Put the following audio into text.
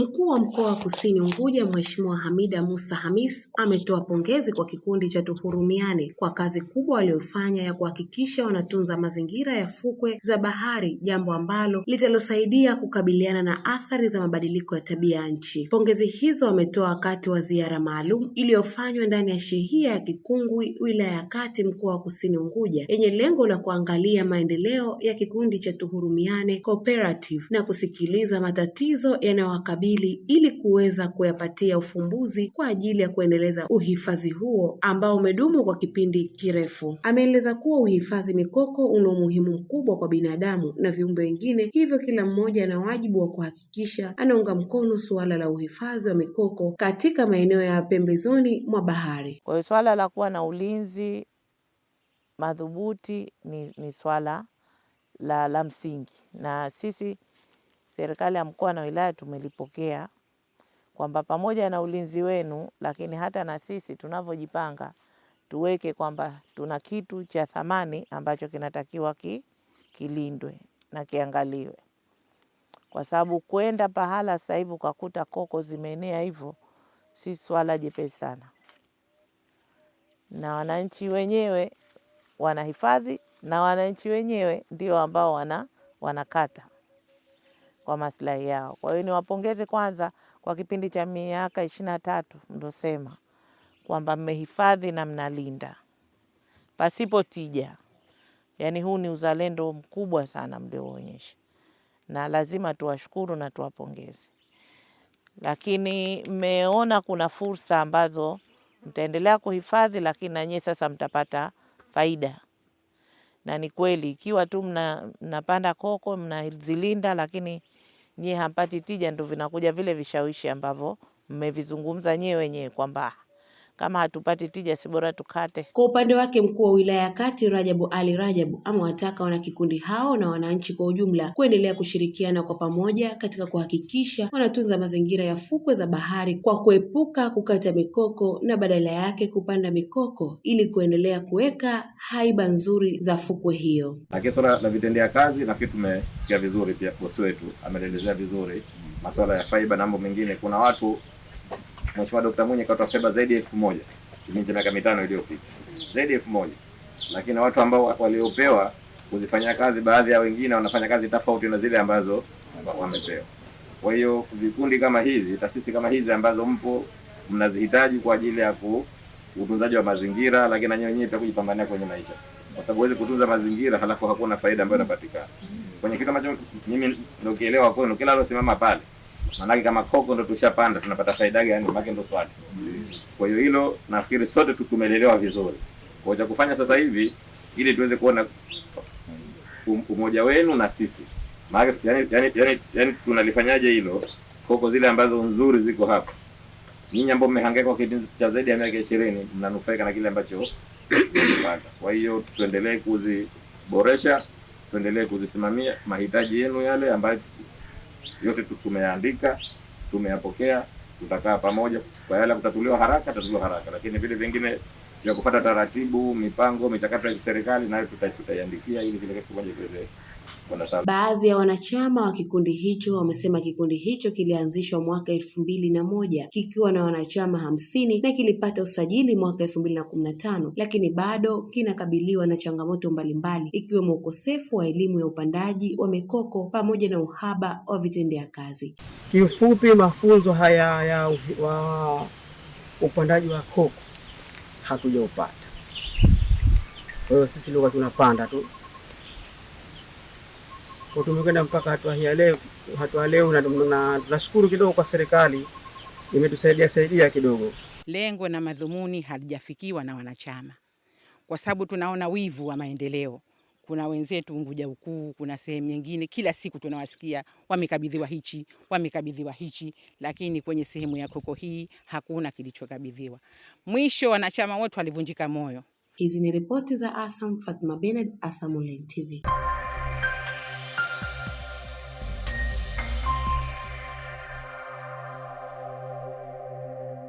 Mkuu wa Mkoa wa Kusini Unguja Mheshimiwa Hamida musa Hamis ametoa pongezi kwa kikundi cha Tuhurumiane kwa kazi kubwa waliofanya ya kuhakikisha wanatunza mazingira ya fukwe za bahari, jambo ambalo litalosaidia kukabiliana na athari za mabadiliko ya tabia ya nchi. Pongezi hizo ametoa wakati wa ziara maalum iliyofanywa ndani ya shehia ya Kikungwi, wilaya ya Kati, Mkoa wa Kusini Unguja, yenye lengo la kuangalia maendeleo ya kikundi cha Tuhurumiane Cooperative na kusikiliza matatizo yanayowakabili hili ili kuweza kuyapatia ufumbuzi kwa ajili ya kuendeleza uhifadhi huo ambao umedumu kwa kipindi kirefu. Ameeleza kuwa uhifadhi mikoko una umuhimu mkubwa kwa binadamu na viumbe wengine, hivyo kila mmoja ana wajibu wa kuhakikisha anaunga mkono suala la uhifadhi wa mikoko katika maeneo ya pembezoni mwa bahari. Kwa hiyo swala la kuwa na ulinzi madhubuti ni, ni swala la, la msingi na sisi serikali ya mkoa na wilaya tumelipokea kwamba pamoja na ulinzi wenu, lakini hata na sisi tunavyojipanga tuweke kwamba tuna kitu cha thamani ambacho kinatakiwa ki, kilindwe na kiangaliwe, kwa sababu kwenda pahala sasa hivi ukakuta koko zimeenea hivyo si swala jepesi sana, na wananchi wenyewe wanahifadhi na wananchi wenyewe ndio ambao wana wanakata kwa maslahi yao. Kwa hiyo niwapongeze kwanza kwa kipindi cha miaka ishirini na tatu ndosema kwamba mmehifadhi na mnalinda pasipo tija. Yaani huu ni uzalendo mkubwa sana mlioonyesha, na lazima tuwashukuru na tuwapongeze. Lakini mmeona kuna fursa ambazo mtaendelea kuhifadhi, lakini nanyie sasa mtapata faida. Na ni kweli ikiwa tu mna, mnapanda koko mnazilinda, lakini nyie hampati tija, ndo vinakuja vile vishawishi ambavyo mmevizungumza nyie wenyewe kwamba kama hatupati tija, si bora tukate. Kwa upande wake, mkuu wa wilaya ya Kati Rajabu Ali Rajabu amewataka wanakikundi hao na wananchi kwa ujumla kuendelea kushirikiana kwa pamoja katika kuhakikisha wanatunza mazingira ya fukwe za bahari kwa kuepuka kukata mikoko na badala yake kupanda mikoko ili kuendelea kuweka haiba nzuri za fukwe hiyo. Lakini swala la vitendea kazi nafikiri tumesikia vizuri, pia bosi wetu ameelezea vizuri masuala ya faiba na mambo mengine. Kuna watu Mheshimiwa Dkt. Mwinyi katoa fedha zaidi ya elfu moja kipindi miaka mitano iliyopita, zaidi ya elfu moja lakini watu ambao waliopewa kuzifanyia kazi, baadhi ya wengine wanafanya kazi tofauti na zile ambazo wamepewa. Kwa hiyo vikundi kama hizi, taasisi kama hizi ambazo mpo mnazihitaji kwa ajili ya utunzaji wa mazingira, lakini na nyewe pia kujipambania kwenye maisha, kwa sababu huwezi kutunza mazingira halafu hakuna faida ambayo inapatikana kwenye kitu ambacho mimi ndio ndokielewa kwenu, kila alosimama pale Maanake kama koko ndo tushapanda tunapata faida gani? Maanake ndo swali. Kwa hiyo hilo nafikiri sote tukumelelewa vizuri. Kwa cha kufanya sasa hivi ili tuweze kuona um-, umoja wenu na sisi. Maana yani, yani, yani, yani tunalifanyaje hilo? Koko zile ambazo nzuri ziko hapa. Nyinyi ambao mmehangaika kwa kipindi cha zaidi ya miaka 20 mnanufaika na kile ambacho mmepata. Kwa hiyo tuendelee kuziboresha, tuendelee kuzisimamia mahitaji yenu yale ambayo yote tumeyaandika, tumeyapokea, tutakaa pamoja kwa yale kutatuliwa haraka, tatuliwa haraka, lakini vile vingine vya kufuata taratibu, mipango, michakato ya kiserikali nayo tutaiandikia ili kile kitu kimoja kiweze Baadhi ya wanachama wa kikundi hicho wamesema kikundi hicho kilianzishwa mwaka elfu mbili na moja kikiwa na wanachama hamsini na kilipata usajili mwaka elfu mbili na kumi na tano lakini bado kinakabiliwa na changamoto mbalimbali ikiwemo ukosefu wa elimu ya upandaji wa mikoko pamoja na uhaba wa vitendea kazi. kifupi mafunzo haya ya wa upandaji wa koko hatujaupata, kwa hiyo sisi lugha tunapanda tu utumikana mpaka hatua hii leo, hatua leo, na tunashukuru kidogo kwa serikali imetusaidia saidia kidogo. Lengo na madhumuni halijafikiwa na wanachama, kwa sababu tunaona wivu wa maendeleo. Kuna wenzetu Unguja Ukuu, kuna sehemu nyingine, kila siku tunawasikia wamekabidhiwa hichi, wamekabidhiwa hichi, lakini kwenye sehemu ya Koko hii hakuna kilichokabidhiwa. Mwisho wanachama wote walivunjika moyo. Hizi ni ripoti za ASAM. Fatma Bened, ASAM Online TV.